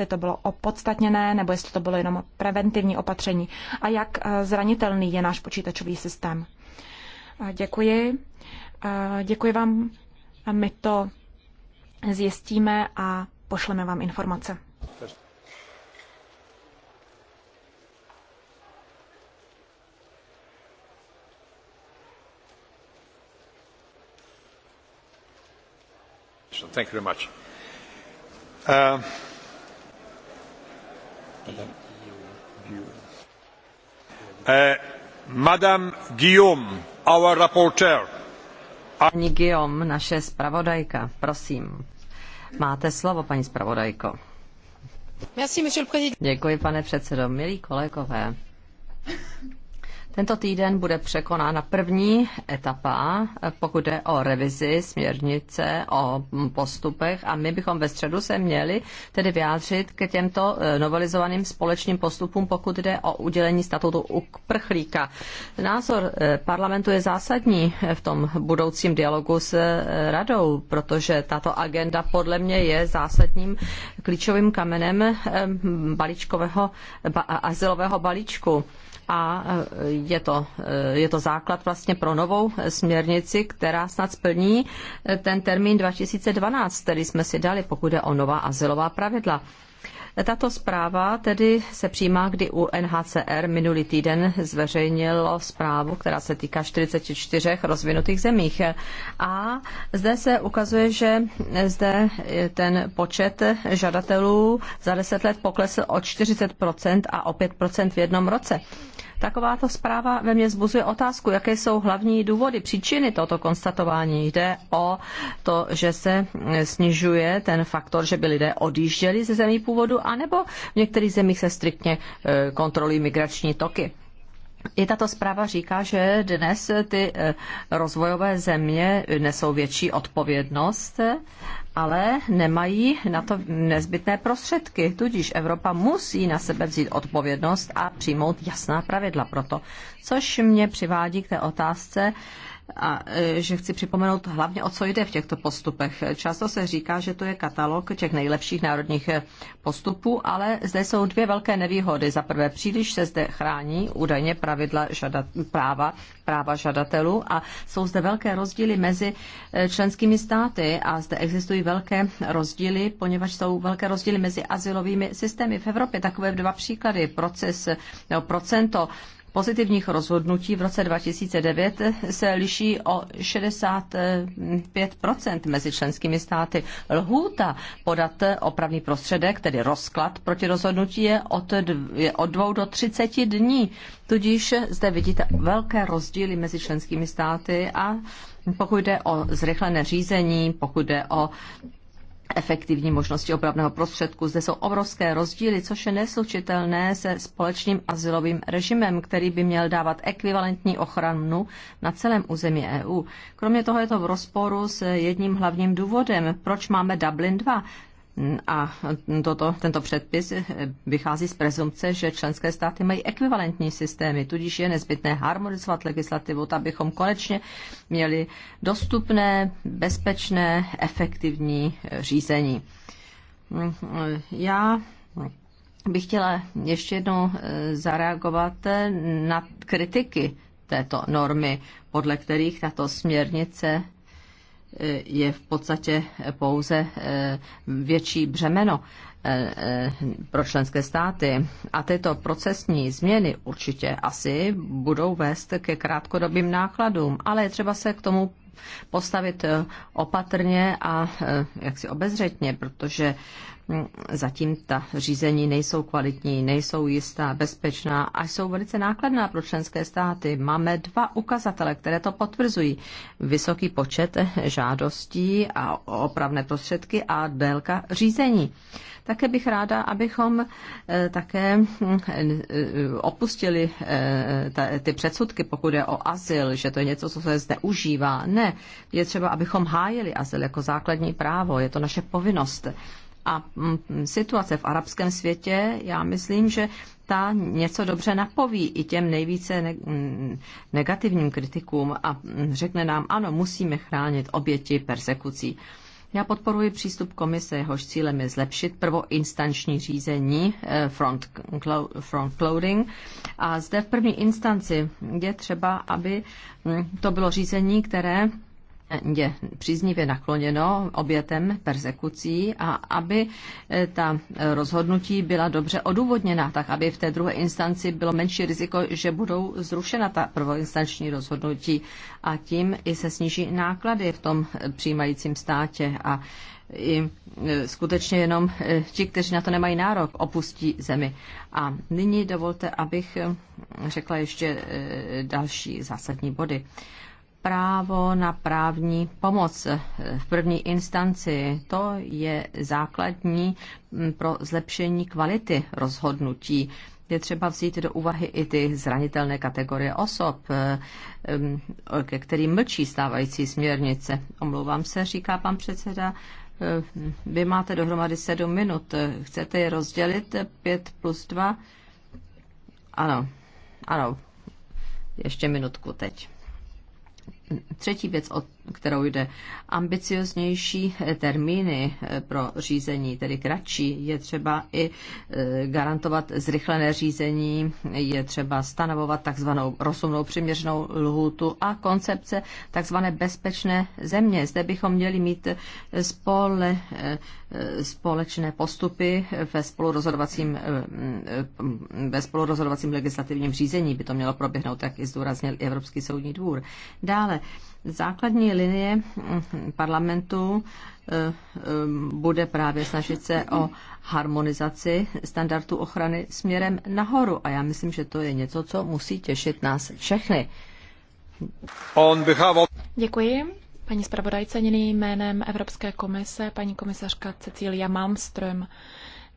jestli to bylo opodstatněné nebo jestli to bylo jenom preventivní opatření a jak eh, zranitelný je náš počítačový systém. Eh, děkuji. Eh, děkuji vám. My to zjistíme a pošleme vám informace. Thank you very much. Uh, Eh, Guillaume, our rapporteur. Paní Guillaume, naše zpravodajka, prosím. Máte slovo, paní zpravodajko. Děkuji, pane předsedo. Milí kolegové, tento týden bude překonána první etapa, pokud jde o revizi směrnice, o postupech a my bychom ve středu se měli tedy vyjádřit k těmto eh, novelizovaným společným postupům, pokud jde o udělení statutu prchlíka. Názor eh, parlamentu je zásadní v tom budoucím dialogu s eh, radou, protože tato agenda podle mě je zásadním klíčovým kamenem balíčkového, ba, asilového balíčku a e, je to, e, je to základ vlastně pro novou směrnici, která snad splní e, ten termín 2012, který jsme si dali, pokud je o nová asilová pravidla. Tato zpráva tedy se přijímá, kdy UNHCR minulý týden zveřejnilo zprávu, která se týká 44 rozvinutých zemích. A zde se ukazuje, že zde ten počet žadatelů za 10 let poklesl o 40% a o 5% v jednom roce. Takováto zpráva ve mně zbuzuje otázku, jaké jsou hlavní důvody, příčiny tohoto konstatování. Jde o to, že se eh, snižuje ten faktor, že by lidé odjížděli ze zemí původu, anebo v některých zemích se striktně eh, kontrolují migrační toky. I tato zpráva říká, že dnes ty eh, rozvojové země nesou větší odpovědnost ale nemají na to nezbytné prostředky. Tudíž Evropa musí na sebe vzít odpovědnost a přijmout jasná pravidla pro to. Což mě přivádí k té otázce, a e, že chci připomenout hlavně, o co jde v těchto postupech. Často se říká, že to je katalog těch nejlepších národních e, postupů, ale zde jsou dvě velké nevýhody. Za prvé, příliš se zde chrání údajně pravidla žada, práva, práva žadatelů a jsou zde velké rozdíly mezi e, členskými státy a zde existují velké rozdíly, poněvadž jsou velké rozdíly mezi asilovými systémy v Evropě. Takové dva příklady. Proces, nebo procento pozitivních rozhodnutí v roce 2009 se liší o 65 mezi členskými státy. Lhůta podat opravný prostředek, tedy rozklad proti rozhodnutí, je od, je od dvou do 30 dní. Tudíž zde vidíte velké rozdíly mezi členskými státy a pokud jde o zrychlené řízení, pokud jde o efektivní možnosti opravného prostředku. Zde jsou obrovské rozdíly, což je neslučitelné se společným asilovým režimem, který by měl dávat ekvivalentní ochranu na celém území EU. Kromě toho je to v rozporu s jedním hlavním důvodem, proč máme Dublin 2. A toto, tento předpis vychází z prezumce, že členské státy mají ekvivalentní systémy, tudíž je nezbytné harmonizovat legislativu, abychom konečně měli dostupné, bezpečné, efektivní řízení. Já bych chtěla ještě jednou eh, zareagovat eh, na kritiky této normy, podle kterých tato směrnice je v podstatě pouze eh, větší břemeno eh, eh, pro členské státy. A tyto procesní změny určitě asi budou vést ke krátkodobým nákladům, ale je třeba se k tomu postavit opatrně a jaksi obezřetně, protože zatím ta řízení nejsou kvalitní, nejsou jistá, bezpečná a jsou velice nákladná pro členské státy. Máme dva ukazatele, které to potvrzují. Vysoký počet žádostí a opravné prostředky a délka řízení. Také bych ráda, abychom eh, také mm, eh, opustili eh, ty předsudky, pokud je o azyl, že to je něco, co se zneužívá. Ne, je třeba, abychom hájili azyl jako základní právo, je to naše povinnost. A mm, situace v arabském světě, já myslím, že ta něco dobře napoví i těm nejvíce mm, negativním kritikům a mm, řekne nám, ano, musíme chránit oběti persekucí. Já podporuji přístup komise, jehož cílem je zlepšit prvoinstanční řízení eh, front, front clothing. A zde v první instanci je třeba, aby to bylo řízení, které je příznivě nakloněno obětem persekucí a aby eh, ta eh, rozhodnutí byla dobře odůvodněna, tak aby v té druhé instanci bylo menší riziko, že budou zrušena ta prvoinstanční rozhodnutí a tím i se sníží náklady v tom eh, přijímajícím státě a i skutečně jenom ti, kteří na to nemají nárok, opustí zemi. A nyní dovolte, abych řekla ještě další zásadní body právo na právní pomoc v první instanci. To je základní mm, pro zlepšení kvality rozhodnutí. Je třeba vzít do úvahy i ty zranitelné kategorie osob, mm, ke kterým mlčí stávající směrnice. Omlouvám se, říká pan předseda. Mm, vy máte dohromady sedm minut. Chcete je rozdělit? Pět plus dva? Ano, ano. Ještě minutku teď. Třetí věc, od kterou jde. Ambicioznější termíny eh, pro řízení, tedy kratší, je třeba i eh, garantovat zrychlené řízení, je třeba stanovovat takzvanou rozumnou přiměřenou lhůtu a koncepce takzvané bezpečné země. Zde bychom měli mít eh, spole, společné postupy ve spolurozhodovacím, mm, ve spolurozhodovacím legislativním řízení. By to mělo proběhnout, jak i zdůraznil Evropský soudní dvůr. Dále Základní linie mm, parlamentu eh, eh, bude právě snažit se o harmonizaci standardů ochrany směrem nahoru a já myslím, že to je něco, co musí těšit nás všechny. Děkuji. Paní zpravodajce, nyní jménem Evropské komise, paní komisařka Cecília Malmström.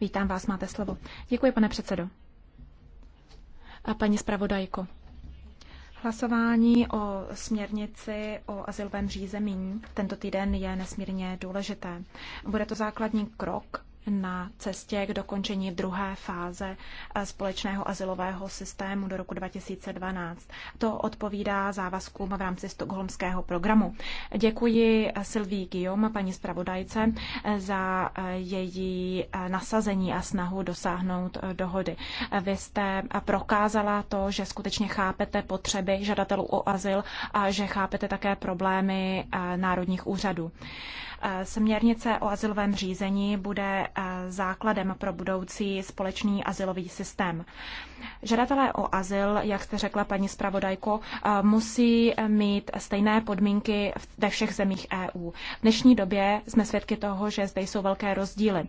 Vítám vás, máte slovo. Děkuji, pane předsedo. A paní zpravodajko, Hlasování o směrnici o azylovém řízení tento týden je nesmírně důležité. Bude to základní krok na cestě k dokončení druhé fáze eh, společného asilového systému do roku 2012. To odpovídá závazkům v rámci stokholmského programu. Děkuji eh, Sylvii Guillaume, paní zpravodajce, eh, za její nasazení a snahu dosáhnout dohody. Vy jste prokázala to, že skutečně chápete potřeby žadatelů o azyl a že chápete také problémy národních úřadů. Eh, směrnice o asilovém řízení bude eh, základem pro budoucí společný asilový systém. Žadatelé o azyl, jak jste řekla paní zpravodajko, eh, musí mít stejné podmínky ve všech zemích EU. V dnešní době jsme svědky toho, že zde jsou velké rozdíly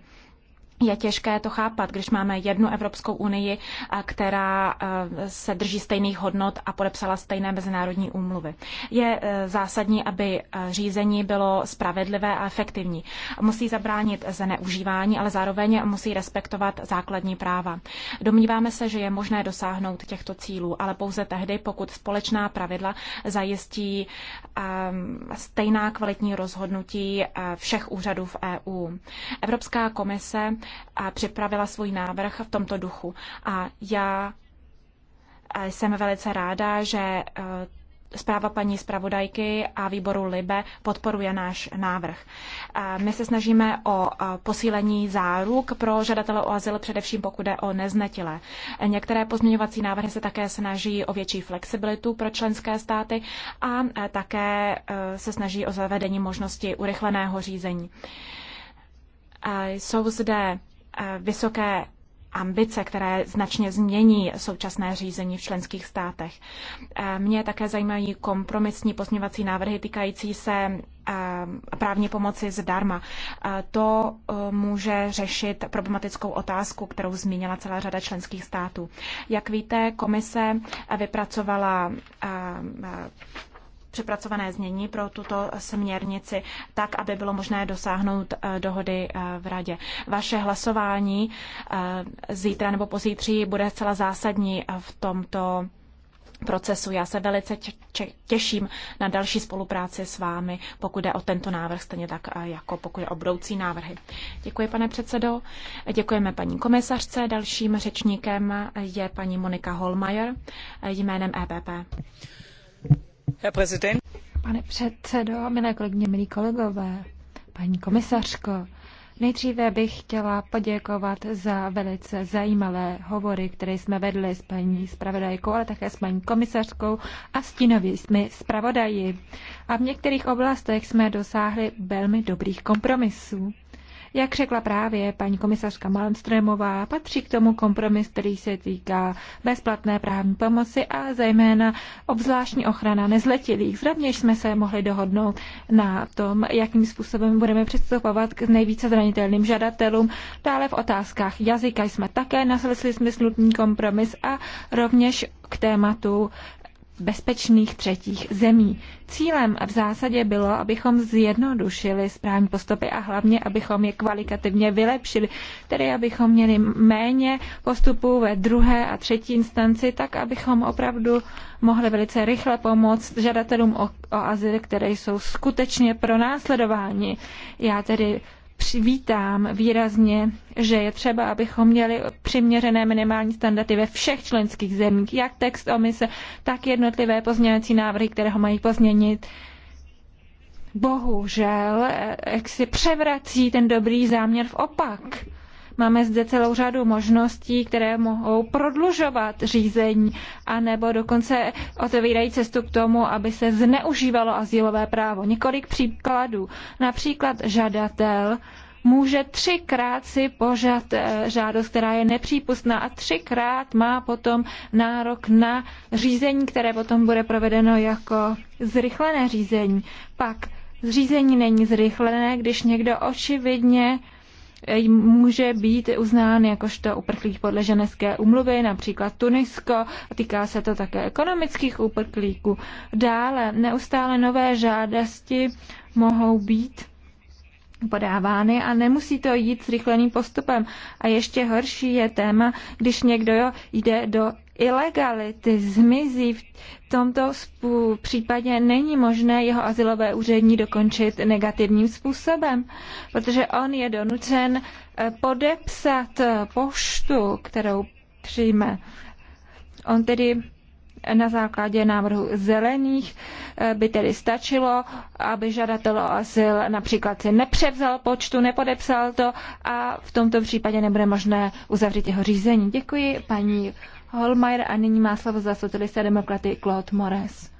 je těžké to chápat, když máme jednu Evropskou unii, eh, která eh, se drží stejných hodnot a podepsala stejné mezinárodní úmluvy. Je eh, zásadní, aby řízení bylo spravedlivé a efektivní. Musí zabránit zneužívání, ale zároveň musí respektovat základní práva. Domníváme se, že je možné dosáhnout těchto cílů, ale pouze tehdy, pokud společná pravidla zajistí stejná kvalitní rozhodnutí všech úřadů v EU. Evropská komise a připravila svůj návrh v tomto duchu. A já jsem velice ráda, že e, zpráva paní zpravodajky a výboru LIBE podporuje náš návrh. My se snažíme o e, posílení záruk pro žadatele o azyl, především pokud jde o neznetilé. E, některé pozměňovací návrhy se také snaží o větší flexibilitu pro členské státy a také se snaží o zavedení možnosti urychleného řízení. Jsou zde e, vysoké ambice, které značně změní současné řízení v členských státech. E, mě také zajímají kompromisní pozměvací návrhy týkající se e, právní pomoci zdarma. To může řešit problematickou otázku, kterou zmínila celá řada členských států. Jak víte, komise vypracovala přepracované znění pro tuto směrnici, tak, aby bylo možné dosáhnout eh, dohody eh, v radě. Vaše hlasování eh, zítra nebo pozítří bude zcela zásadní v tomto procesu. Já se velice těším na další spolupráci s vámi, pokud jde o tento návrh, stejně tak jako pokud je o budoucí návrhy. Děkuji, pane předsedo. Děkujeme paní komisařce. Dalším řečníkem je paní Monika Holmajer jménem EPP. Pane předsedo, milé kolegyně, milí kolegové, paní komisařko, nejdříve bych chtěla poděkovat za velice zajímavé hovory, které jsme vedli s paní zpravodajkou, ale také s paní komisařkou a stínovými jsme zpravodaji. A v některých oblastech jsme dosáhli velmi dobrých kompromisů. Jak řekla právě paní komisařka Malmströmová, patří k tomu kompromis, který se týká bezplatné právní pomoci a zejména obzvláštní ochrana nezletilých. Zrovně jsme se mohli dohodnout na tom, jakým způsobem budeme přistupovat k nejvíce zranitelným žadatelům. Dále v otázkách jazyka jsme také nasledli smyslutný kompromis a rovněž k tématu bezpečných třetích zemí. Cílem v zásadě bylo, abychom zjednodušili správní postupy a hlavně, abychom je kvalitativně vylepšili, tedy abychom měli méně postupů ve druhé a třetí instanci, tak abychom opravdu mohli velice rychle pomoct žadatelům o, o azyl, které jsou skutečně pro Já tedy Přivítám výrazně, že je třeba, abychom měli přiměřené minimální standardy ve všech členských zemích, jak text omise, tak jednotlivé pozměňovací návrhy, které ho mají pozměnit. Bohužel, eh, jak si převrací ten dobrý záměr v opak. Máme zde celou řadu možností, které mohou prodlužovat řízení, a nebo dokonce otevírají cestu k tomu, aby se zneužívalo asilové právo. Několik příkladů. Například žadatel může třikrát si požat eh, žádost, která je nepřípustná a třikrát má potom nárok na řízení, které potom bude provedeno jako zrychlené řízení. Pak řízení není zrychlené, když někdo očividně může být uznán jakožto uprchlík podle ženevské umluvy, například Tunisko, a týká se to také ekonomických uprchlíků. Dále neustále nové žádosti mohou být podávány a nemusí to jít s rychleným postupem. A ještě horší je téma, když někdo jde do ilegality zmizí, v tomto případě není možné jeho asilové úřední dokončit negativním způsobem, protože on je donucen eh, podepsat eh, poštu, kterou přijme. On tedy na základě návrhu zelených eh, by tedy stačilo, aby žadatel o asyl například si nepřevzal počtu, nepodepsal to a v tomto případě nebude možné uzavřít jeho řízení. Děkuji paní Holmeier a nyní má slovo za socialisté demokraty Claude Mores.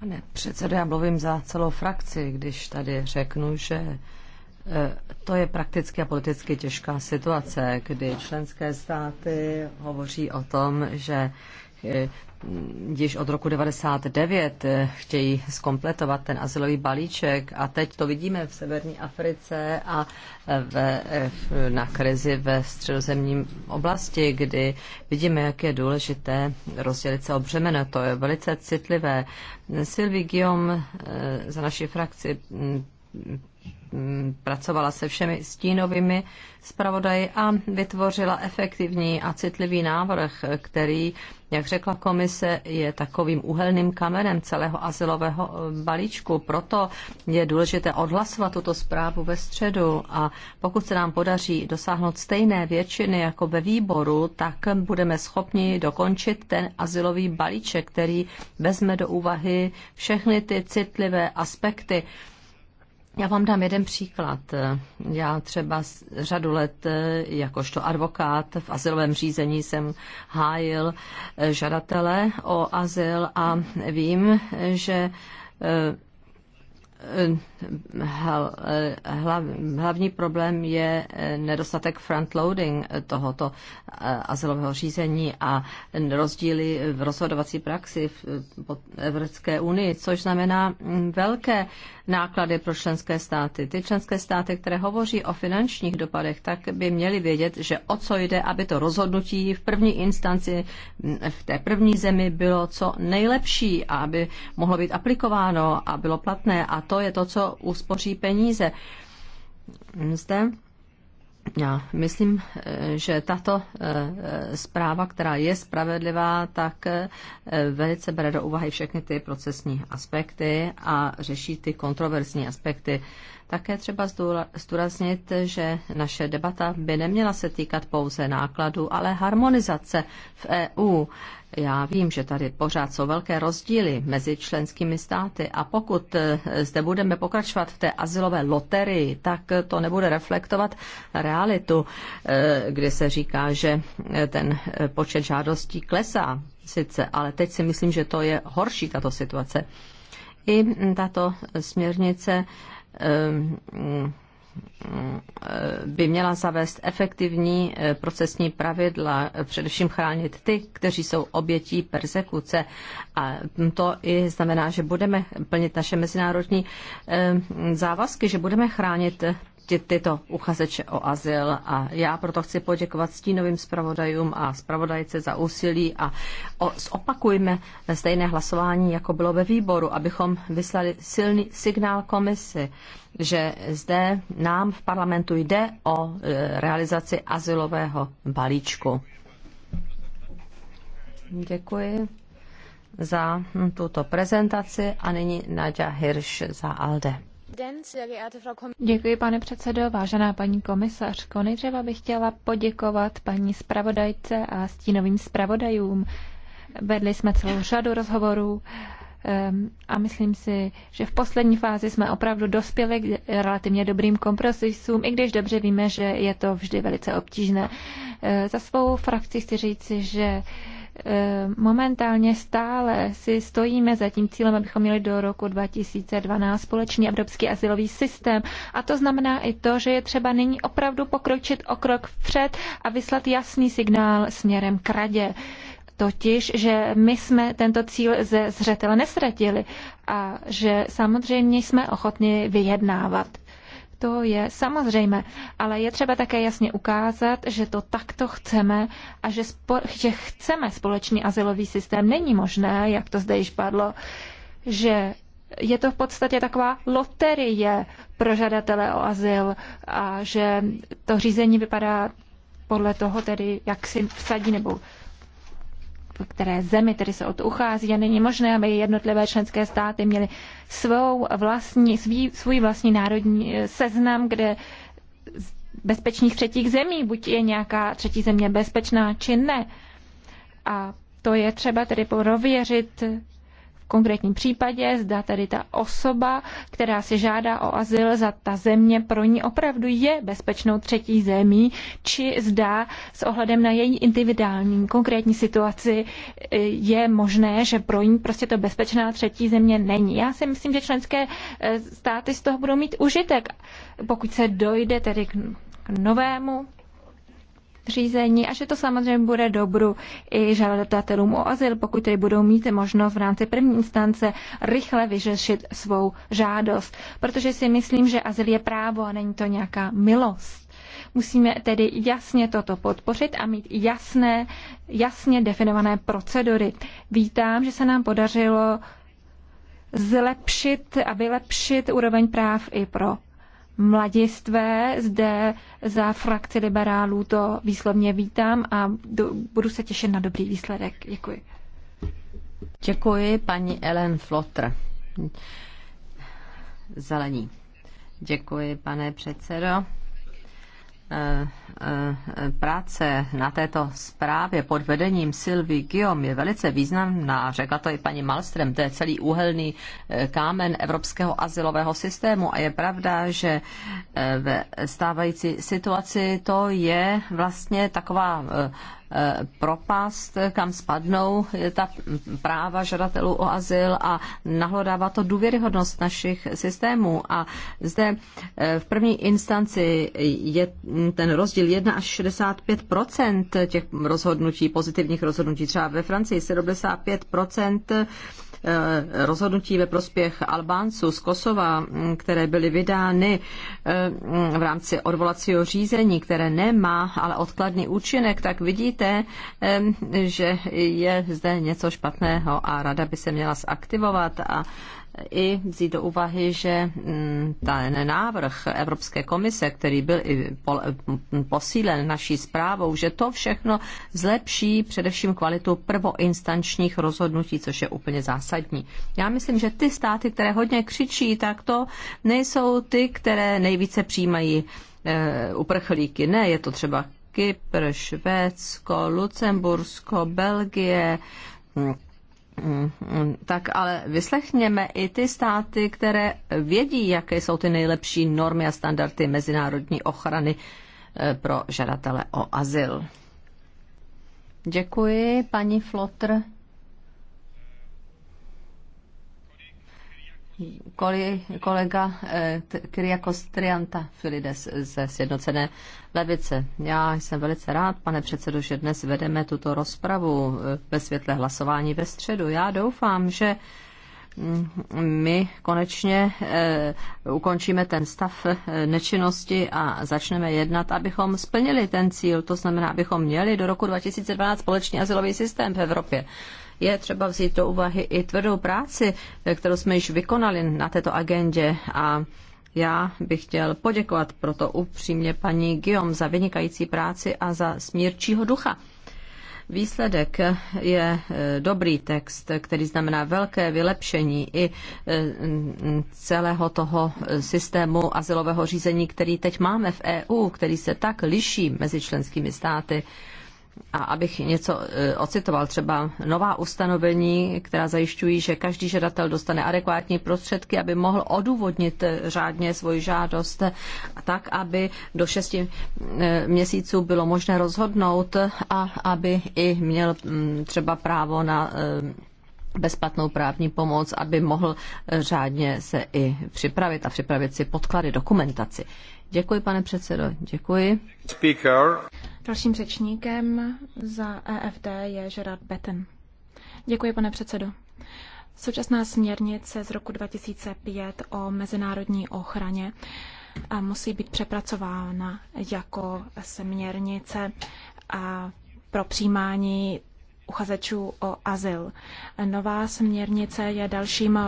Pane předsedo, já mluvím za celou frakci, když tady řeknu, že e, to je prakticky a politicky těžká situace, kdy členské státy hovoří o tom, že e, již od roku 99 eh, chtějí skompletovat ten asilový balíček a teď to vidíme v severní Africe a eh, ve, eh, na krizi ve středozemním oblasti, kdy vidíme, jak je důležité rozdělit se obřemeno. To je velice citlivé. Sylvie Guillaume za naší frakci mm, pracovala se všemi stínovými zpravodaji a vytvořila efektivní a citlivý návrh, který, jak řekla komise, je takovým uhelným kamenem celého asilového balíčku. Proto je důležité odhlasovat tuto zprávu ve středu a pokud se nám podaří dosáhnout stejné většiny jako ve výboru, tak budeme schopni dokončit ten asilový balíček, který vezme do úvahy všechny ty citlivé aspekty já vám dám jeden příklad. Já třeba řadu let eh, jakožto advokát v asilovém řízení jsem hájil eh, žadatele o azyl a vím, že eh, hlavní problém je eh, nedostatek frontloading eh, tohoto eh, azylového řízení a rozdíly v rozhodovací praxi v Evropské unii, což znamená mm, velké náklady pro členské státy. Ty členské státy, které hovoří o finančních dopadech, tak by měly vědět, že o co jde, aby to rozhodnutí v první instanci mm, v té první zemi bylo co nejlepší a aby mohlo být aplikováno a bylo platné. A to je to, co uspoří peníze. Zde já myslím, že tato eh, zpráva, která je spravedlivá, tak eh, velice bere do úvahy všechny ty procesní aspekty a řeší ty kontroverzní aspekty také třeba zdůraznit, že naše debata by neměla se týkat pouze nákladů, ale harmonizace v EU. Já vím, že tady pořád jsou velké rozdíly mezi členskými státy a pokud e, zde budeme pokračovat v té asilové loterii, tak to nebude reflektovat realitu, e, kdy se říká, že e, ten počet žádostí klesá sice, ale teď si myslím, že to je horší tato situace. I tato směrnice by měla zavést efektivní eh, procesní pravidla, eh, především chránit ty, kteří jsou obětí persekuce. A to i znamená, že budeme plnit naše mezinárodní eh, závazky, že budeme chránit ty, tyto uchazeče o azyl a já proto chci poděkovat stínovým zpravodajům a zpravodajce za úsilí a o, zopakujme stejné hlasování, jako bylo ve výboru, abychom vyslali silný signál komisi, že zde nám v parlamentu jde o e, realizaci azylového balíčku. Děkuji za tuto prezentaci a nyní Nadia Hirsch za ALDE. Děkuji, pane předsedo. Vážená paní komisařko, nejdříve bych chtěla poděkovat paní zpravodajce a stínovým zpravodajům. Vedli jsme celou řadu rozhovorů ehm, a myslím si, že v poslední fázi jsme opravdu dospěli k relativně dobrým kompromisům, i když dobře víme, že je to vždy velice obtížné. Ehm, za svou frakci chci říci, že Eh, momentálně stále si stojíme za tím cílem, abychom měli do roku 2012 společný evropský asilový systém. A to znamená i to, že je třeba nyní opravdu pokročit o krok vpřed a vyslat jasný signál směrem k radě. Totiž, že my jsme tento cíl ze zřetele nesratili a že samozřejmě jsme ochotni vyjednávat. To je samozřejmé, ale je třeba také jasně ukázat, že to takto chceme a že, spo- že chceme společný asilový systém. Není možné, jak to zde již padlo, že je to v podstatě taková loterie pro žadatele o azyl a že to řízení vypadá podle toho tedy, jak si vsadí nebo které zemi tedy se o to uchází a není možné, aby jednotlivé členské státy měly svou vlastní, svý, svůj vlastní národní eh, seznam, kde bezpečných třetích zemí, buď je nějaká třetí země bezpečná, či ne. A to je třeba tedy prověřit konkrétním případě, zda tedy ta osoba, která si žádá o azyl, za ta země pro ní opravdu je bezpečnou třetí zemí, či zda s ohledem na její individuální konkrétní situaci e, je možné, že pro ní prostě to bezpečná třetí země není. Já si myslím, že členské e, státy z toho budou mít užitek, pokud se dojde tedy k novému řízení a že to samozřejmě bude dobru i žadatelům o azyl, pokud tedy budou mít možnost v rámci první instance rychle vyřešit svou žádost. Protože si myslím, že azyl je právo a není to nějaká milost. Musíme tedy jasně toto podpořit a mít jasné, jasně definované procedury. Vítám, že se nám podařilo zlepšit a vylepšit úroveň práv i pro mladistvé. Zde za frakci liberálů to výslovně vítám a do, budu se těšit na dobrý výsledek. Děkuji. Děkuji paní Ellen Flotr. Zelení. Děkuji, pane předsedo. Eh, eh, práce na této zprávě pod vedením Sylvie Guillaume je velice významná, řekla to i paní Malstrem, to je celý úhelný eh, kámen evropského asilového systému a je pravda, že ve stávající situaci to je vlastně taková propast, kam spadnou eh, ta práva žadatelů o azyl a nahlodává to důvěryhodnost našich systémů. A zde eh, v první instanci je ten rozdíl 1 až 65 těch rozhodnutí, pozitivních rozhodnutí. Třeba ve Francii 75 Eh, rozhodnutí ve prospěch Albánců z Kosova, mm, které byly vydány eh, mm, v rámci odvolacího řízení, které nemá ale odkladný účinek, tak vidíte, že je zde něco špatného a rada by se měla zaktivovat a i vzít do úvahy, že mm, ten návrh Evropské komise, který byl i posílen naší zprávou, že to všechno zlepší především kvalitu prvoinstančních rozhodnutí, což je úplně zásadní. Já myslím, že ty státy, které hodně křičí, tak to nejsou ty, které nejvíce přijímají e, uprchlíky. Ne, je to třeba Kypr, Švédsko, Lucembursko, Belgie, hm, Mm, tak ale vyslechněme i ty státy, které vědí, jaké jsou ty nejlepší normy a standardy mezinárodní ochrany eh, pro žadatele o azyl. Děkuji, paní Flotr. kolega eh, Kyriakos Trianta Filides ze Sjednocené levice. Já jsem velice rád, pane předsedo, že dnes vedeme tuto rozpravu eh, ve světle hlasování ve středu. Já doufám, že mm, my konečně eh, ukončíme ten stav nečinnosti a začneme jednat, abychom splnili ten cíl, to znamená, abychom měli do roku 2012 společný asilový systém v Evropě je třeba vzít do úvahy i tvrdou práci, eh, kterou jsme již vykonali na této agendě a já bych chtěl poděkovat proto upřímně paní Guillaume za vynikající práci a za smírčího ducha. Výsledek je eh, dobrý text, který znamená velké vylepšení i eh, celého toho systému azylového řízení, který teď máme v EU, který se tak liší mezi členskými státy a abych něco e, ocitoval, třeba nová ustanovení, která zajišťují, že každý žadatel dostane adekvátní prostředky, aby mohl odůvodnit e, řádně svoji žádost tak, aby do šesti e, měsíců bylo možné rozhodnout a aby i měl třeba právo na bezplatnou právní pomoc, aby mohl řádně se i připravit a připravit si podklady, dokumentaci. Děkuji, pane předsedo, děkuji. Speaker. Dalším řečníkem za EFD je Gerard Betten. Děkuji, pane předsedo. Současná směrnice z roku 2005 o mezinárodní ochraně musí být přepracována jako směrnice pro přijímání uchazečů o azyl. Nová směrnice je dalším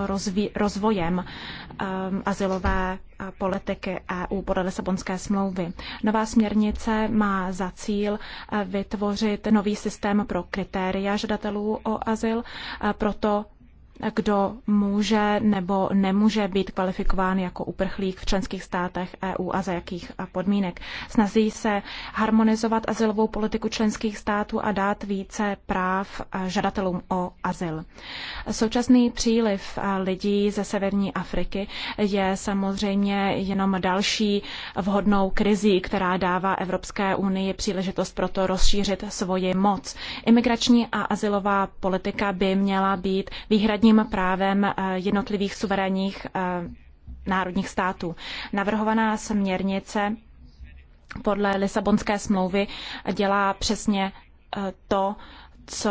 rozvojem um, azylové politiky EU podle Lisabonské smlouvy. Nová směrnice má za cíl vytvořit nový systém pro kritéria žadatelů o azyl, proto kdo může nebo nemůže být kvalifikován jako uprchlík v členských státech EU a za jakých podmínek. Snaží se harmonizovat azylovou politiku členských států a dát více práv žadatelům o azyl. Současný příliv lidí ze severní Afriky je samozřejmě jenom další vhodnou krizí, která dává Evropské unii příležitost pro to rozšířit svoji moc. Imigrační a azylová politika by měla být výhradně vnitřním právem eh, jednotlivých suverénních eh, národních států. Navrhovaná směrnice podle Lisabonské smlouvy dělá přesně eh, to, co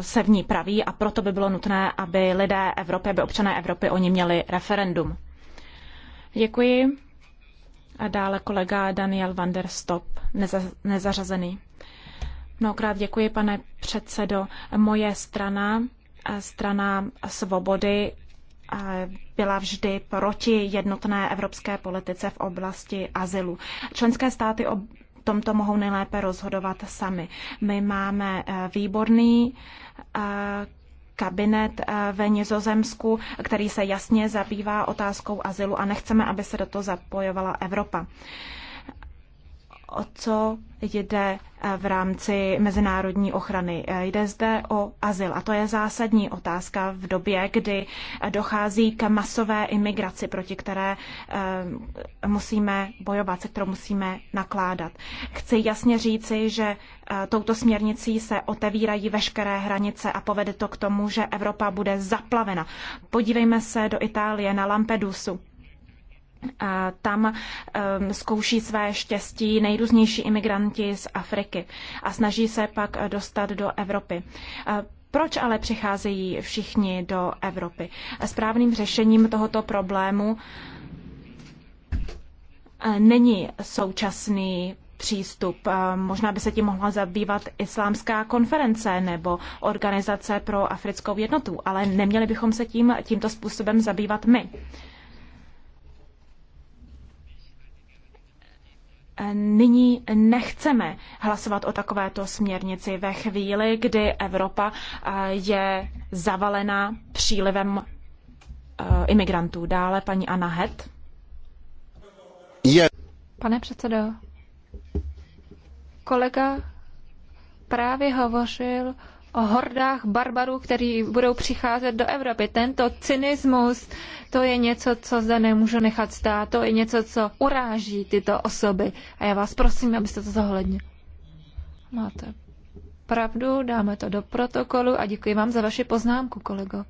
se v ní praví a proto by bylo nutné, aby lidé Evropy, aby občané Evropy oni měli referendum. Děkuji. A dále kolega Daniel van der Stop, neza, nezařazený. Mnohokrát děkuji, pane předsedo. Moje strana strana svobody byla vždy proti jednotné evropské politice v oblasti azylu. Členské státy o tomto mohou nejlépe rozhodovat sami. My máme e, výborný e, kabinet e, ve Nizozemsku, který se jasně zabývá otázkou azylu a nechceme, aby se do toho zapojovala Evropa o co jde eh, v rámci mezinárodní ochrany. Eh, jde zde o azyl a to je zásadní otázka v době, kdy eh, dochází k masové imigraci, proti které musíme bojovat, se kterou musíme nakládat. Chci jasně říci, že touto směrnicí se otevírají veškeré hranice a povede to k tomu, že Evropa bude zaplavena. Podívejme se do Itálie na Lampedusu tam ehm, zkouší své štěstí nejrůznější imigranti z Afriky a snaží se pak eh, dostat do Evropy. Proč ale přicházejí všichni do Evropy? Správným řešením tohoto problému eh, není současný přístup. Možná by se tím mohla zabývat islámská konference nebo organizace pro africkou jednotu, ale neměli bychom se tím tímto způsobem zabývat my. nyní nechceme hlasovat o takovéto směrnici ve chvíli, kdy Evropa eh, je zavalena přílivem eh, imigrantů. Dále paní Anna Het. Je. Pane předsedo, kolega právě hovořil o hordách barbarů, kteří budou přicházet do Evropy. Tento cynismus, to je něco, co zde nemůžu nechat stát, to je něco, co uráží tyto osoby. A já vás prosím, abyste to zohlednili. Máte pravdu, dáme to do protokolu a děkuji vám za vaši poznámku, kolego.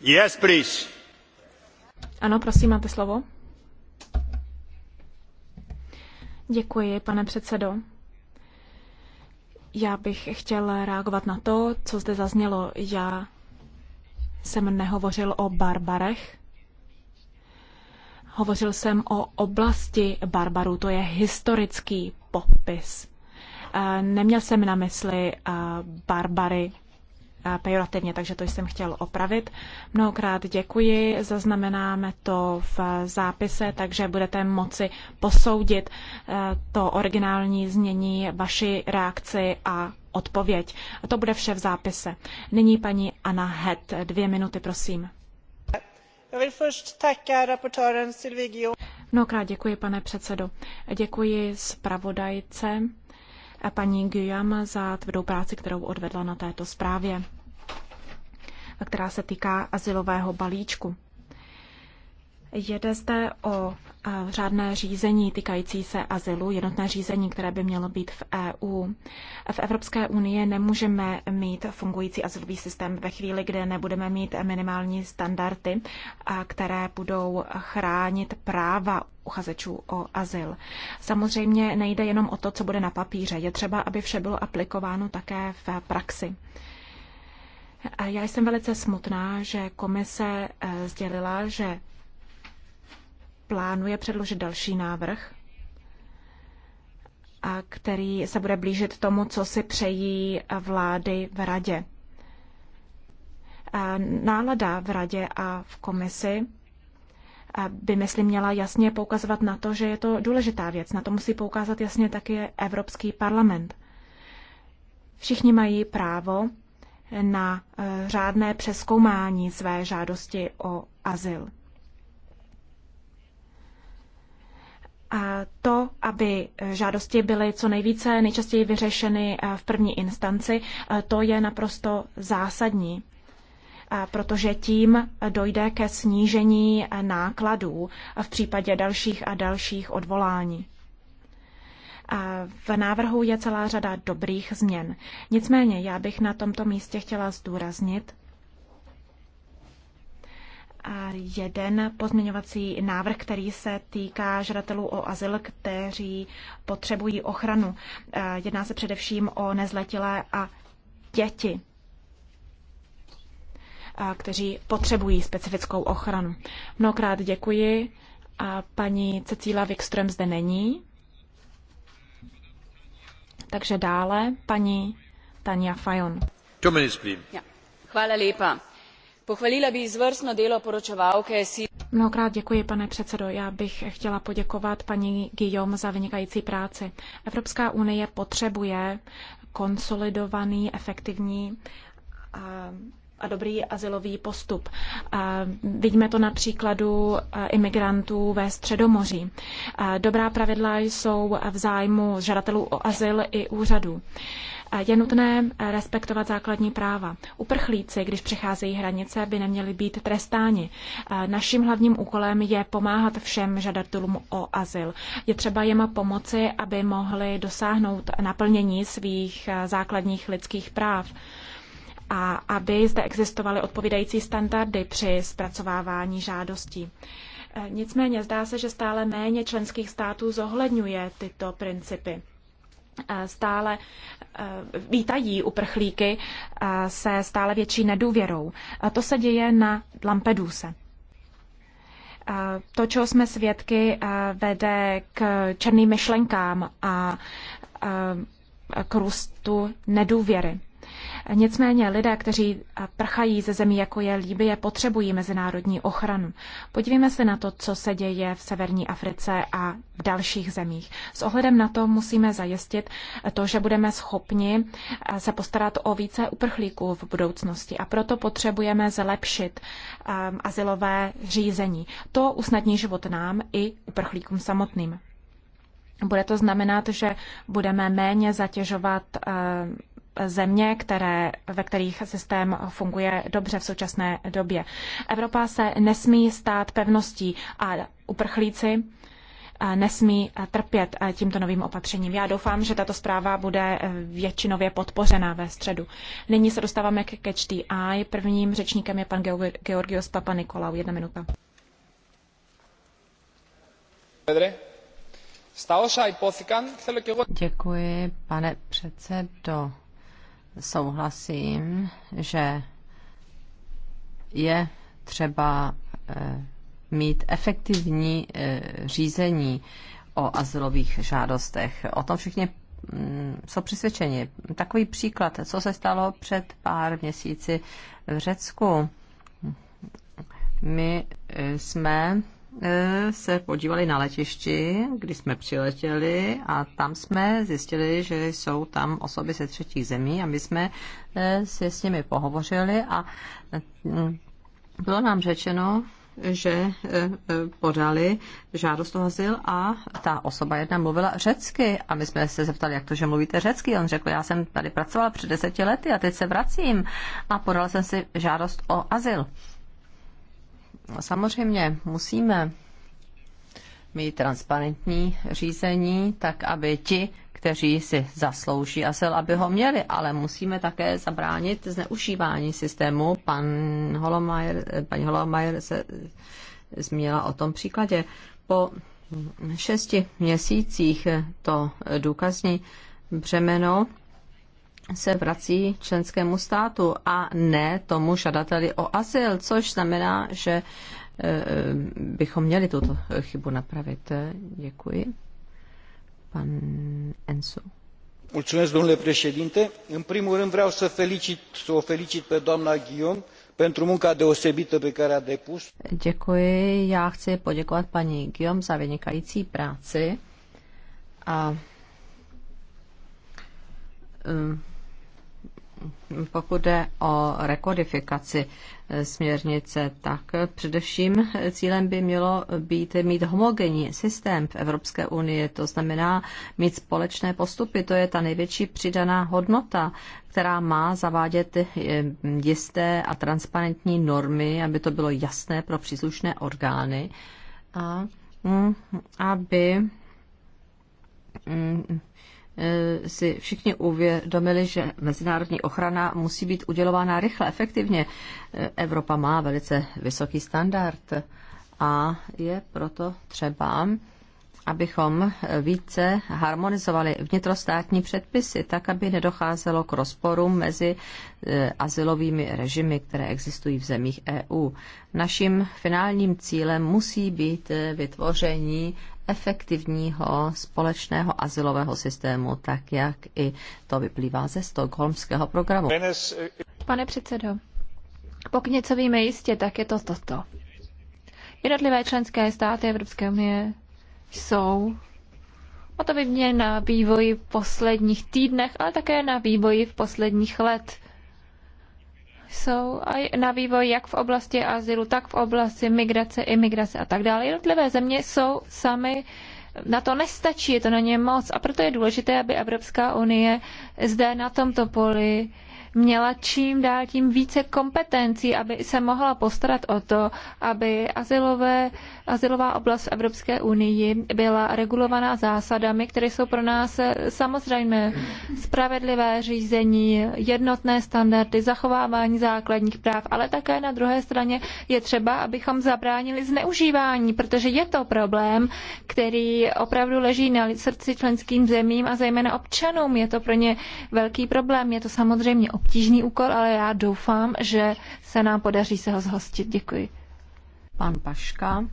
Yes, please. Ano, prosím, máte slovo. Děkuji, pane předsedo. Já bych chtěl reagovat na to, co zde zaznělo. Já jsem nehovořil o barbarech. Hovořil jsem o oblasti barbarů, to je historický popis. E, neměl jsem na mysli e, barbary pejorativně, takže to jsem chtěl opravit. Mnohokrát děkuji, zaznamenáme to v zápise, takže budete moci posoudit eh, to originální znění, vaši reakci a odpověď. A to bude vše v zápise. Nyní paní Anna Het, dvě minuty, prosím. Mnohokrát děkuji, pane předsedo. Děkuji zpravodajce paní Guillaume za tvrdou práci, kterou odvedla na této zprávě která se týká asilového balíčku. Jede zde o eh, řádné řízení týkající se azylu, jednotné řízení, které by mělo být v EU. V Evropské unii nemůžeme mít fungující azylový systém ve chvíli, kde nebudeme mít minimální standardy, eh, které budou chránit práva uchazečů o azyl. Samozřejmě nejde jenom o to, co bude na papíře. Je třeba, aby vše bylo aplikováno také v praxi. Já jsem velice smutná, že komise eh, sdělila, že plánuje předložit další návrh, a který se bude blížit tomu, co si přejí vlády v radě. Eh, nálada v radě a v komisi eh, by, myslím, měla jasně poukazovat na to, že je to důležitá věc. Na to musí poukázat jasně taky Evropský parlament. Všichni mají právo na eh, řádné přeskoumání své žádosti o azyl. A to, aby žádosti byly co nejvíce nejčastěji vyřešeny eh, v první instanci, eh, to je naprosto zásadní, protože tím dojde ke snížení nákladů v případě dalších a dalších odvolání. V návrhu je celá řada dobrých změn. Nicméně já bych na tomto místě chtěla zdůraznit jeden pozměňovací návrh, který se týká žadatelů o azyl, kteří potřebují ochranu. Jedná se především o nezletilé a děti kteří potřebují specifickou ochranu. Mnohokrát děkuji a paní Cecíla Wikström zde není. Takže dále paní Tanja Fajon. Hvala lepa. Pochvalila by izvrstno delo si... Mnohokrát děkuji, pane předsedo. Já bych chtěla poděkovat paní Guillaume za vynikající práci. Evropská unie potřebuje konsolidovaný, efektivní a a dobrý azylový postup. Vidíme to na příkladu imigrantů ve Středomoří. Dobrá pravidla jsou v zájmu žadatelů o azyl i úřadů. Je nutné respektovat základní práva. Uprchlíci, když přecházejí hranice, by neměli být trestáni. Naším hlavním úkolem je pomáhat všem žadatelům o azyl. Je třeba jim pomoci, aby mohli dosáhnout naplnění svých základních lidských práv a aby zde existovaly odpovídající standardy při zpracovávání žádostí. E, nicméně zdá se, že stále méně členských států zohledňuje tyto principy. E, stále e, vítají uprchlíky se stále větší nedůvěrou. To se děje na Lampeduse. To, čeho jsme svědky, vede k černým myšlenkám a k růstu nedůvěry. Nicméně lidé, kteří prchají ze zemí, jako je Líbie, potřebují mezinárodní ochranu. Podívejme se na to, co se děje v severní Africe a v dalších zemích. S ohledem na to musíme zajistit to, že budeme schopni se postarat o více uprchlíků v budoucnosti a proto potřebujeme zlepšit um, asilové řízení. To usnadní život nám i uprchlíkům samotným. Bude to znamenat, že budeme méně zatěžovat země, které, ve kterých systém funguje dobře v současné době. Evropa se nesmí stát pevností a uprchlíci nesmí trpět tímto novým opatřením. Já doufám, že tato zpráva bude většinově podpořena ve středu. Nyní se dostáváme ke Catch the Eye. Prvním řečníkem je pan Georgios Papa Nikolau. Jedna minuta. Děkuji, pane předsedo souhlasím, že je třeba eh, mít efektivní eh, řízení o azylových žádostech. O tom všichni mm, jsou přesvědčeni. Takový příklad, co se stalo před pár měsíci v Řecku. My eh, jsme Eh, se podívali na letišti, když jsme přiletěli a tam jsme zjistili, že jsou tam osoby ze třetích zemí a my jsme eh, se s nimi pohovořili a mm, bylo nám řečeno, že eh, podali žádost o azyl a ta osoba jedna mluvila řecky a my jsme se zeptali, jak to, že mluvíte řecky. On řekl, já jsem tady pracoval před deseti lety a teď se vracím a podal jsem si žádost o azyl. No, samozřejmě musíme mít transparentní řízení, tak aby ti, kteří si zaslouží azyl, aby ho měli, ale musíme také zabránit zneužívání systému. Pan Holomajer, paní Holomajer se zmínila o tom příkladě. Po šesti měsících to důkazní břemeno se vrací členskému státu a ne tomu žadateli o azyl, což znamená, že e, bychom měli tuto chybu napravit. Děkuji. Pan Ensu. Mulțumesc, domnule președinte. În primul rând vreau să, felicit, să o felicit pe doamna Guillaume pentru munca deosebită pe care a depus. Děkuji. Já chci poděkovat paní Guillaume za vynikající práci. A um, pokud jde o rekodifikaci eh, směrnice, tak především cílem by mělo být mít homogenní systém v Evropské unii, to znamená mít společné postupy, to je ta největší přidaná hodnota, která má zavádět eh, jisté a transparentní normy, aby to bylo jasné pro příslušné orgány a mm, aby mm, Eh, si všichni uvědomili, že mezinárodní ochrana musí být udělována rychle, efektivně. Eh, Evropa má velice vysoký standard a je proto třeba, abychom více harmonizovali vnitrostátní předpisy, tak aby nedocházelo k rozporům mezi eh, asilovými režimy, které existují v zemích EU. Naším finálním cílem musí být vytvoření efektivního společného asilového systému, tak jak i to vyplývá ze stokholmského programu. Pane předsedo, pokud něco víme jistě, tak je to toto. Jednotlivé členské státy Evropské unie jsou o to vyměně na vývoji v posledních týdnech, ale také na vývoji v posledních let jsou na vývoj jak v oblasti azylu, tak v oblasti migrace, imigrace a tak dále. Jednotlivé země jsou sami na to nestačí, je to na ně moc a proto je důležité, aby Evropská unie zde na tomto poli měla čím dál tím více kompetencí, aby se mohla postarat o to, aby azylové, azylová oblast v Evropské unii byla regulovaná zásadami, které jsou pro nás samozřejmé. Spravedlivé řízení, jednotné standardy, zachovávání základních práv, ale také na druhé straně je třeba, abychom zabránili zneužívání, protože je to problém, který opravdu leží na srdci členským zemím a zejména občanům. Je to pro ně velký problém, je to samozřejmě obtížný úkol, ale já doufám, že se nám podaří se ho zhostit. Děkuji. Pan Paška.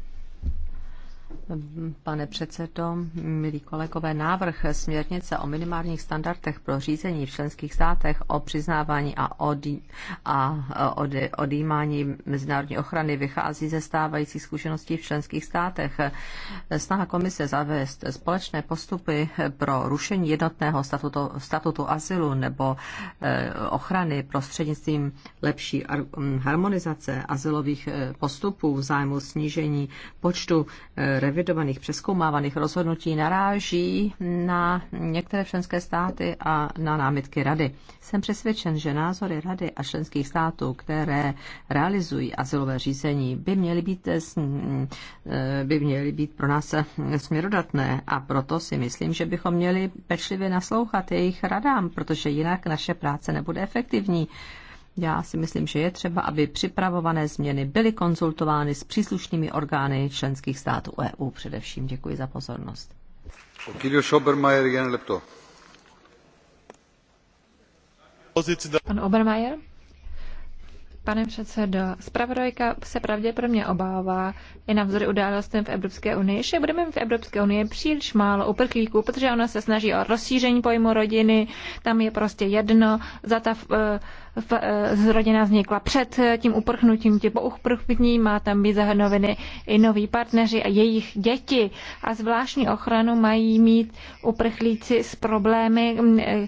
Pane předsedo, milí kolegové, návrh směrnice o minimálních standardech pro řízení v členských státech o přiznávání a, odjí, a e, odjímání mezinárodní ochrany vychází ze stávajících zkušeností v členských státech. Snaha komise zavést společné postupy pro rušení jednotného statutu, statutu asilu nebo e, ochrany prostřednictvím lepší harmonizace asilových e, postupů v zájmu snížení počtu revi revidovaných, přeskoumávaných rozhodnutí naráží na některé členské státy a na námitky rady. Jsem přesvědčen, že názory rady a členských států, které realizují asilové řízení, by měly být, eh, eh, by měly být pro nás eh, směrodatné a proto si myslím, že bychom měli pečlivě naslouchat jejich radám, protože jinak naše práce nebude efektivní. Já si myslím, že je třeba, aby připravované změny byly konzultovány s příslušnými orgány členských států EU především. Děkuji za pozornost. Pan Obermeier? Pane předsedo, zpravodajka se pravděpodobně obává i navzory událostem v Evropské unii, že budeme v Evropské unii příliš málo uprchlíků, protože ona se snaží o rozšíření pojmu rodiny, tam je prostě jedno, za ta eh, v, eh, z rodina vznikla před eh, tím uprchnutím, tě po uprchnutí, má tam být zahrnoviny i noví partneři a jejich děti. A zvláštní ochranu mají mít uprchlíci s problémy mm, eh,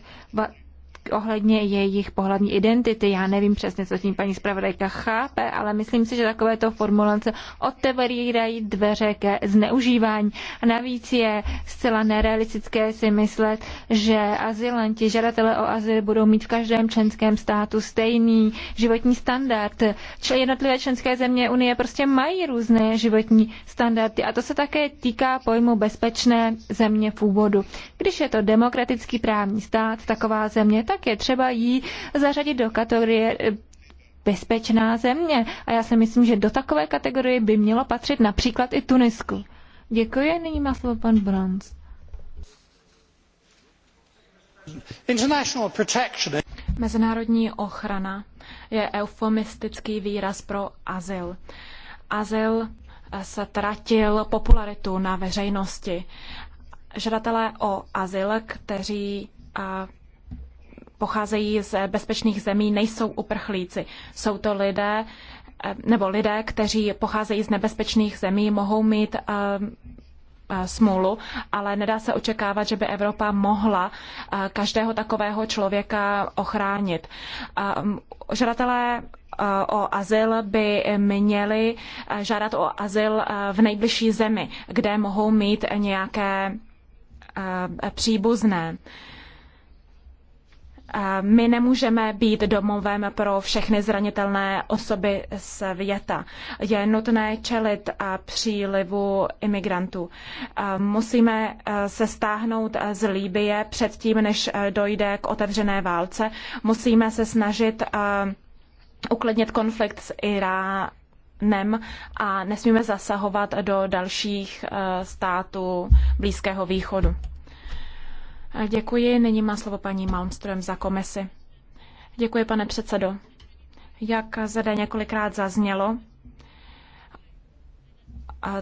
ohledně jejich pohlavní identity. Já nevím přesně, co tím paní zpravodajka chápe, ale myslím si, že takovéto formulace otevírají dveře ke zneužívání. A navíc je zcela nerealistické si myslet, že azylanti, žadatelé o azyl budou mít v každém členském státu stejný životní standard. Čili jednotlivé členské země Unie prostě mají různé životní standardy a to se také týká pojmu bezpečné země v úvodu. Když je to demokratický právní stát, taková země, tak tak je třeba jí zařadit do kategorie eh, bezpečná země. A já si myslím, že do takové kategorie by mělo patřit například i Tunisko. Děkuji, nyní má slovo pan Brons. Mezinárodní ochrana je eufemistický výraz pro azyl. Azyl eh, tratil popularitu na veřejnosti. Žadatelé o azyl, kteří eh, pocházejí z bezpečných zemí, nejsou uprchlíci. Jsou to lidé, eh, nebo lidé, kteří pocházejí z nebezpečných zemí, mohou mít eh, eh, smůlu, ale nedá se očekávat, že by Evropa mohla každého takového člověka ochránit. Žadatelé o azyl by měli žádat o azyl v nejbližší zemi, kde mohou mít nějaké příbuzné. My nemůžeme být domovem pro všechny zranitelné osoby světa. Je nutné čelit přílivu imigrantů. Musíme e, se stáhnout z Líbie předtím, než e, dojde k otevřené válce. Musíme se snažit e, uklidnit konflikt s Iránem a nesmíme zasahovat do dalších států Blízkého východu. Děkuji. Nyní má slovo paní Malmström za komisi. Děkuji, pane předsedo. Jak zde několikrát zaznělo,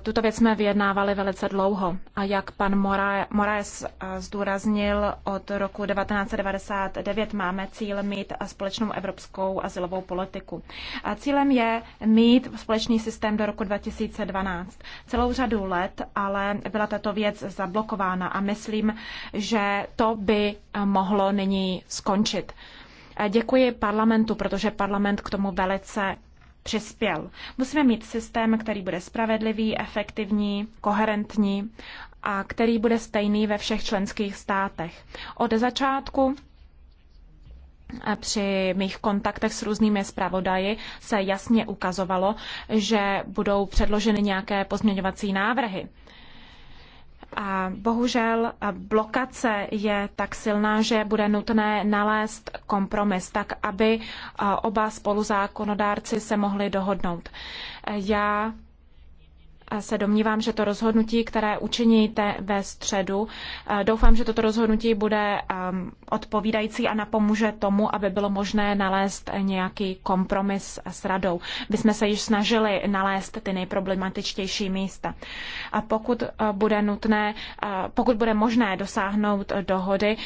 tuto věc jsme vyjednávali velice dlouho a jak pan Moraes eh, zdůraznil, od roku 1999 máme cíl mít společnou evropskou asilovou politiku. A cílem je mít společný systém do roku 2012. Celou řadu let ale byla tato věc zablokována a myslím, že to by eh, mohlo nyní skončit. Děkuji parlamentu, protože parlament k tomu velice přispěl. Musíme mít systém, který bude spravedlivý, efektivní, koherentní a který bude stejný ve všech členských státech. Od začátku a při mých kontaktech s různými zpravodaji se jasně ukazovalo, že budou předloženy nějaké pozměňovací návrhy. Bohužel blokace je tak silná, že bude nutné nalézt kompromis, tak aby oba spoluzákonodárci se mohli dohodnout. Já se domnívám, že to rozhodnutí, které učiníte ve středu, eh, doufám, že toto rozhodnutí bude ehm, odpovídající a napomůže tomu, aby bylo možné nalézt nějaký kompromis s radou. My jsme se již snažili nalézt ty nejproblematičtější místa. A pokud eh, bude nutné, eh, pokud bude možné dosáhnout dohody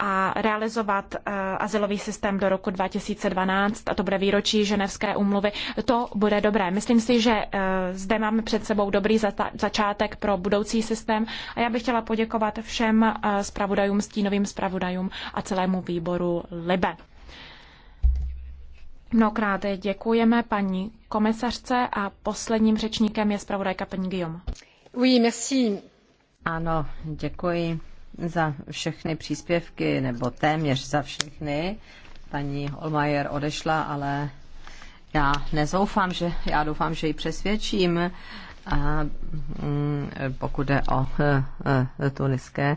a realizovat azylový systém do roku 2012, a to bude výročí Ženevské úmluvy, to bude dobré. Myslím si, že zde máme před sebou dobrý začátek pro budoucí systém a já bych chtěla poděkovat všem eh, zpravodajům, stínovým zpravodajům a celému výboru LIBE. Mnohokrát děkujeme paní komisařce a posledním řečníkem je zpravodajka paní Guillaume. Oui, merci. Ano, děkuji za všechny příspěvky, nebo téměř za všechny. Paní Olmajer odešla, ale já nezoufám, že já doufám, že ji přesvědčím. A mm, pokud jde o e, e, tuniské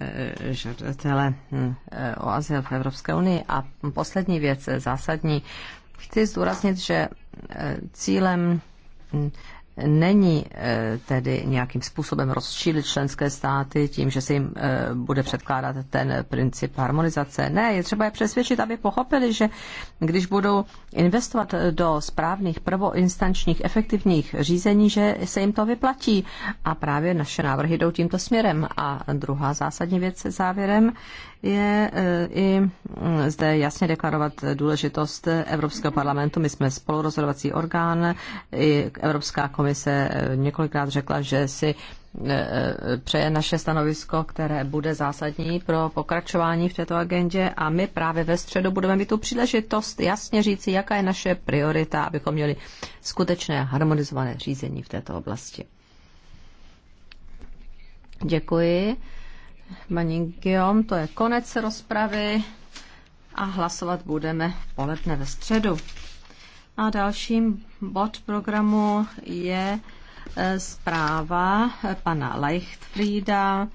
e, žadatele o azyl v Evropské unii. A poslední věc, zásadní, chci zdůraznit, že cílem není eh, tedy nějakým způsobem rozčílit členské státy tím, že se jim eh, bude předkládat ten princip harmonizace. Ne, je třeba je přesvědčit, aby pochopili, že když budou investovat do správných prvoinstančních efektivních řízení, že se jim to vyplatí. A právě naše návrhy jdou tímto směrem. A druhá zásadní věc závěrem je eh, i mm, zde jasně deklarovat důležitost Evropského parlamentu. My jsme spolurozhodovací orgán. I Evropská komise eh, několikrát řekla, že si eh, přeje naše stanovisko, které bude zásadní pro pokračování v této agendě a my právě ve středu budeme mít tu příležitost jasně říci, jaká je naše priorita, abychom měli skutečné harmonizované řízení v této oblasti. Děkuji paní Guillaume, to je konec rozpravy a hlasovat budeme v poledne ve středu. A dalším bod programu je eh, zpráva pana Leichtfrieda.